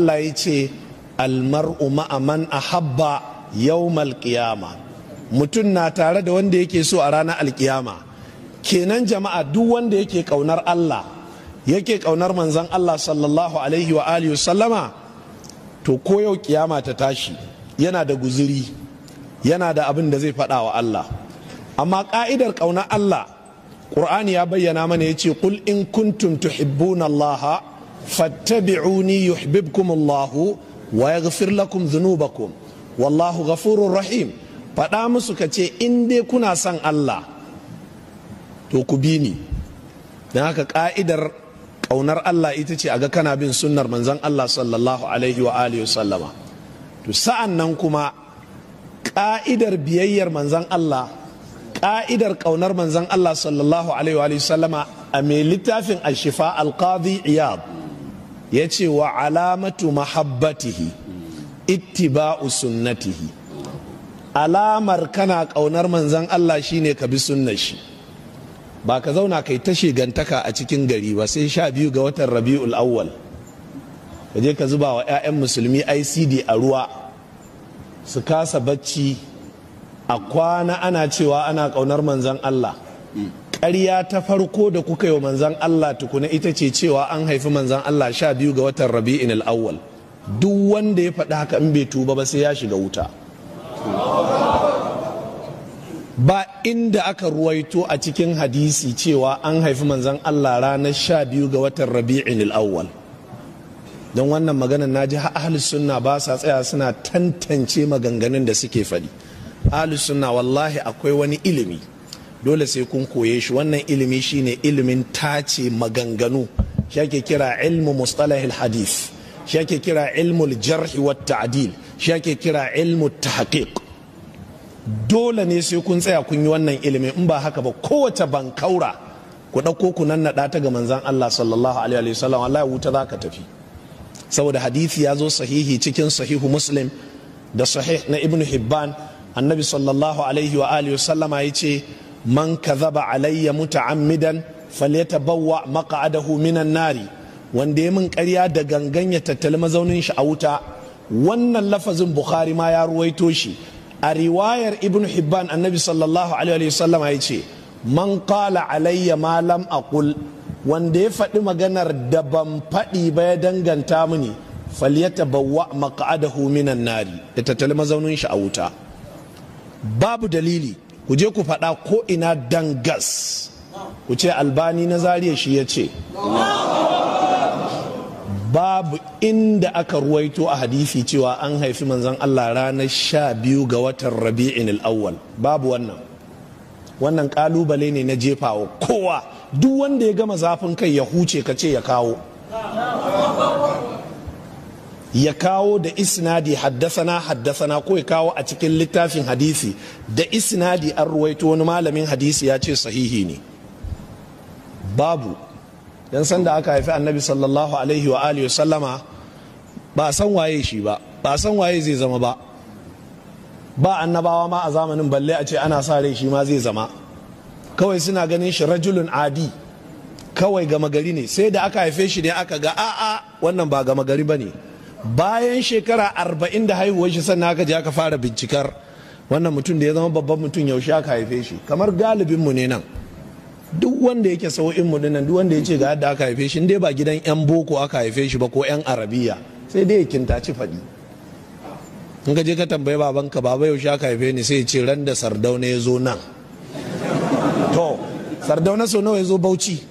Allah ya ce almar'u ma'aman habba yau qiyama mutum na tare da wanda yake so a ranar alkiyama kenan jama'a duk wanda yake ƙaunar Allah yake ƙaunar manzan Allah sallallahu alaihi wa alihi sallama to ko yau kiyama ta tashi yana da guzuri yana da abin da zai faɗa wa Allah amma ƙa'idar ƙaunar Allah Ƙur'ani ya bayyana mana ya ce kul in kuntum tuhibbuna Allah fattabi'uni yuhibbukumullahu wa yaghfir lakum dhunubakum wallahu ghafurur rahim faɗa musu ka ce in dai kuna son Allah to ku bi ni don haka ka'idar ƙaunar Allah ita ce a ga kana bin sunnar manzon Allah sallallahu alaihi wa alihi sallama to sa'an nan kuma ka'idar biyayyar manzon Allah ka'idar ƙaunar manzon Allah sallallahu alaihi wa alihi sallama a mai littafin ashifa alqadi iyad ya ce wa alamatu mahabbatihi ittiba'u sunnatihi alamar kana ƙaunar manzan Allah shine ka bi sunna shi ba ka zauna kai ta shigantaka a cikin gari ba sai sha biyu ga watan rabi'ul awwal ka je ka zuba wa 'ya'yan musulmi icd a ruwa su kasa bacci a kwana ana cewa ana ƙaunar manzan Allah ƙarya ta farko da kuka yi wa manzan Allah tukuna ita ce cewa an haifi manzan Allah sha biyu ga watan rabi'in al'awwal duk wanda ya faɗi haka in bai tuba ba sai ya shiga wuta ba inda aka ruwaito a cikin hadisi cewa an haifi manzan Allah ranar sha biyu ga watan rabi'in al'awwal don wannan maganar na ji ahalus sunna ba sa tsaya suna tantance maganganun da suke faɗi ahalus sunna wallahi akwai wani ilimi dole sai kun koye shi wannan ilimi shine ilimin tace maganganu shi ake kira ilmu mustalahil hadith shi ake kira ilmul jarhi wa ta'dil shi ake kira ilmu tahqiq dole ne sai kun tsaya kun yi wannan ilimi in ba haka ba kowace bankaura ku ɗauko ku nan naɗa ta ga manzan Allah sallallahu alaihi wasallam Allah wuta za ka tafi saboda hadisi ya zo sahihi cikin sahihu muslim da sahih na ibnu hibban annabi sallallahu alaihi wa alihi wasallama ce man kazaba alayya muta'ammidan falyatabawwa maq'adahu minan nari wanda ya min karya da gangan ya tattali mazaunin shi a wuta wannan lafazin bukhari ma ya ruwaito shi a riwayar ibn hibban annabi sallallahu alaihi wasallam ya ce man qala alayya ma lam aqul wanda ya faɗi maganar da ban faɗi ba ya danganta mini falyatabawwa maq'adahu minan nari ya tattali mazaunin shi a wuta babu dalili ku je ku faɗa ko ina gas ku ce albani na zariya shi ya ce babu inda aka ruwaito a hadisi cewa an haifi manzan Allah ranar sha biyu ga watan rabi'in al'awwal babu wannan wannan kalubale ne na jefawa kowa duk wanda ya gama zafin kai ya huce ka ce ya kawo ya kawo da isnadi haddasana haddasana ko ya kawo a cikin littafin hadisi da isnadi an ruwaito wani malamin hadisi ya ce sahihi ne babu yan sanda aka haifi annabi sallallahu alaihi wa alihi sallama ba san waye shi ba ba san waye zai zama ba ba annabawa ma a zamanin balle a ce ana sa rai shi ma zai zama kawai suna ganin shi rajulun adi kawai gama gari ne sai da aka haife shi ne aka ga a'a wannan ba gama gari ba ne bayan shekara arba'in da haihuwar shi sannan aka je aka fara bincikar wannan mutum da ya zama babban mutum yaushe aka haife shi kamar galibin mu ne nan duk wanda yake sau'in mu dinnan duk wanda ya ce ga yadda aka haife shi dai ba gidan yan boko aka haife shi ba ko yan arabiya sai dai ya kintaci faɗi in ka je ka tambayi babanka baba yaushe aka haife ni sai ya ce ran da sardauna ya zo nan to sardauna sau nawa ya zo bauchi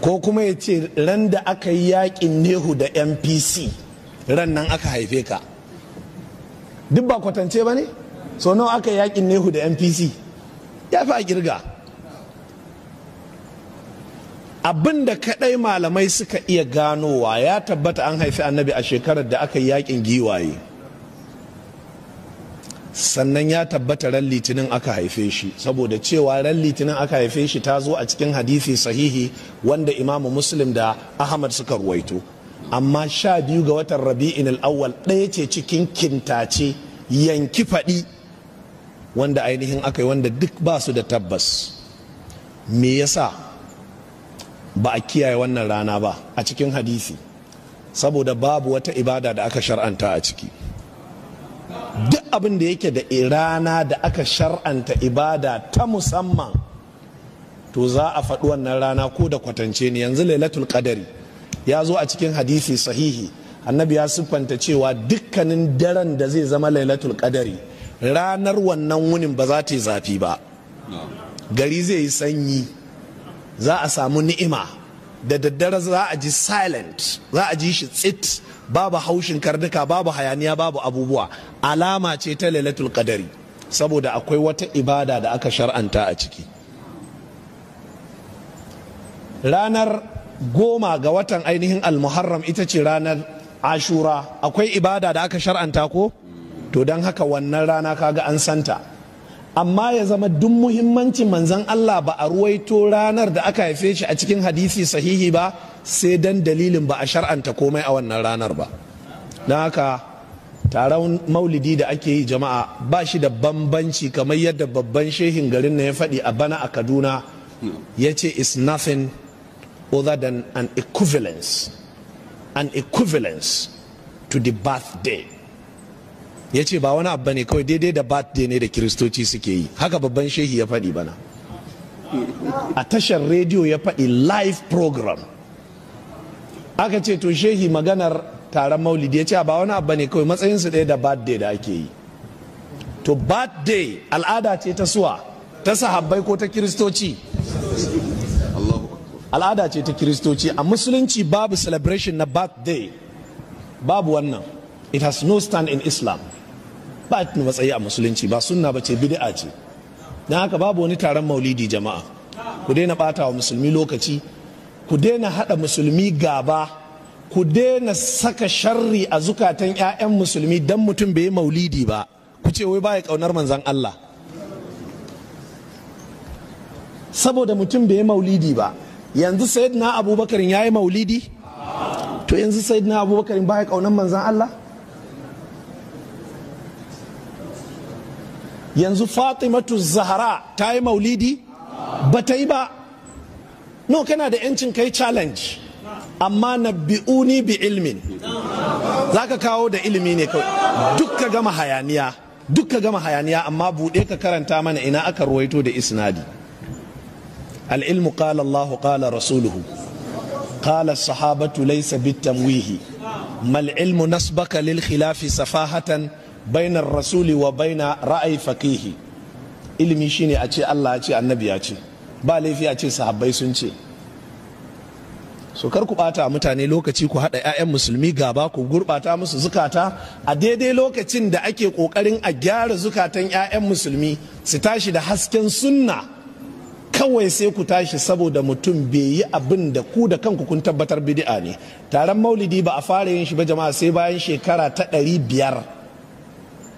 ko kuma ya ce ran da aka yi yakin nehu da mpc ran nan aka haife ka duk ba kwatance ba ne so nawa aka yi yakin nehu da mpc ya fi a girga abin da kadai malamai suka iya ganowa ya tabbata an haifi annabi a shekarar da aka yi yakin giwaye sannan ya tabbata ran litinin aka haife shi saboda cewa ran litinin aka haife shi ta zo a cikin hadisi sahihi wanda imamu muslim da ahmad suka ruwaito amma sha biyu ga watan rabi'in al'awwal ɗaya ce cikin kintace yanki faɗi wanda ainihin aka yi wanda duk ba su da tabbas me yasa ba a kiyaye wannan rana ba a cikin hadisi saboda babu wata ibada da aka shar'anta a ciki duk abin da yake da irana da aka shar'anta ibada ta musamman to za a faɗi wannan rana ko da kwatance ne yanzu lailatul qadari ya zo a cikin hadisi sahihi annabi ya siffanta cewa dukkanin daren da zai zama lailatul qadari ranar wannan wunin ba za ta yi zafi ba gari zai yi sanyi za a samu ni'ima da daddare za a ji silent za a ji shi tsit babu haushin karnuka babu hayaniya babu abubuwa alama ce ta lailatul qadari saboda akwai wata ibada da aka shar'anta a ciki ranar goma ga watan ainihin almuharram ita ce ranar ashura akwai ibada da aka shar'anta ko to don haka wannan rana kaga an santa amma ya zama duk muhimmancin manzan Allah ba a ruwaito ranar da aka haife shi a cikin hadisi sahihi ba sai dan dalilin ba a shar'anta komai a wannan ranar ba don haka taron maulidi da ake yi jama'a ba shi da bambanci kamar yadda babban shehin garin na ya faɗi a bana a kaduna ya ce is nothing other than an equivalence an equivalence to the birthday ya ce ba wani abu ne kawai daidai da birthday ne da kiristoci suke yi haka babban shehi ya faɗi bana a tashar rediyo ya faɗi live program aka ce to shehi maganar taron maulidi ya ce ba wani abu ne kawai matsayinsu ɗaya da birthday da ake yi to birthday al'ada ce ta suwa ta sahabbai ko ta kiristoci al'ada ce ta kiristoci a musulunci babu celebration na birthday babu wannan it has no stand in islam ba matsayi a musulunci ba sunna ba ce bid'a ce don haka babu wani taron maulidi jama'a ku daina bata wa musulmi lokaci ku daina hada musulmi gaba ku daina saka sharri a zukatan 'ya'yan musulmi don mutum bai yi maulidi ba ku ce wai baya kaunar manzan Allah saboda mutum bai yi maulidi ba yanzu sayyidina abubakar ya yi maulidi to yanzu sayyidina abubakar baya kaunar manzan Allah yanzu fatimatu zahara ta yi maulidi ba ta yi ba no kana da yancin kai challenge amma na bi'uni bi ilmin za ka kawo da ilimi ne kawai duk gama hayaniya dukka gama hayaniya amma buɗe ka karanta mana ina aka ruwaito da isnadi al'ilmu qala allahu qala rasuluhu qala sahabatu laysa bitamwihi mal ilmu nasbaka lil khilafi safahatan bainar rasuli wa baina ra'ayi fakihi. ilimi shine a ce Allah ya ce annabi ya ce ba laifi a ce sahabbai sun ce so kar ku bata mutane lokaci ku hada 'ya'yan musulmi gaba ku gurbata musu zukata a daidai lokacin da ake kokarin a gyara zukatan 'ya'yan musulmi su tashi da hasken sunna kawai sai ku tashi saboda mutum bai yi abin da ku da kanku kun tabbatar bid'a ne taron maulidi ba a fara yin shi ba jama'a sai bayan shekara ta ɗari biyar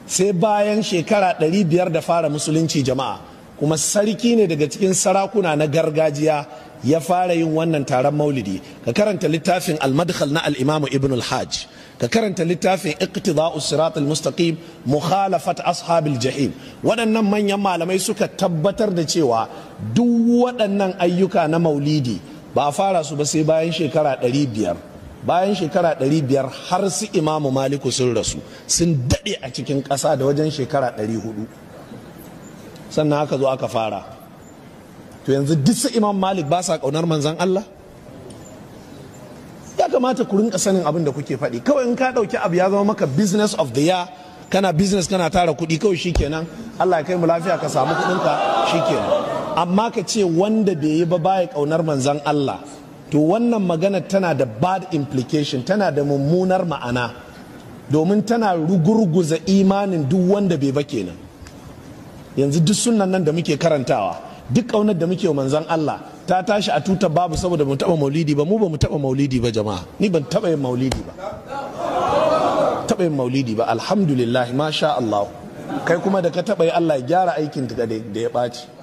sai bayan shekara 500 da fara musulunci jama'a kuma sarki ne daga cikin sarakuna na gargajiya ya fara yin wannan taron maulidi ka karanta littafin almadkhal na al-imamu ibn al-hajj ka karanta littafin iqtida'u sirat al-mustaqim mukhalafat ashabil jahim waɗannan manyan malamai suka tabbatar da cewa duk waɗannan ayyuka na maulidi ba a fara su ba sai bayan shekara 500 bayan shekara 500 har su imamu maliku sun rasu sun daɗe a cikin ƙasa da wajen shekara 400 sannan aka zo aka fara to yanzu duk su imam malik ba sa ƙaunar manzan Allah ya kamata ku rinka sanin abin da kuke faɗi kawai in ka ɗauki abu ya zama maka business of the year kana business kana tara kuɗi kawai shikenan Allah ya kai mu lafiya ka samu kuɗinka shikenan amma ka ce wanda bai yi ba baya ƙaunar manzan Allah to wannan magana tana da bad implication tana da mummunar ma'ana domin tana rugurguza imanin duk wanda bai ba kenan yanzu duk sunan nan da muke karantawa duk ƙaunar da muke manzan Allah ta tashi a tuta babu saboda mu taba maulidi ba mu ba mu taba maulidi ba jama'a ni ban taba yin maulidi ba taba yin maulidi ba alhamdulillah masha Allah kai kuma da ka taba yi Allah ya gyara aikin da ya ɓaci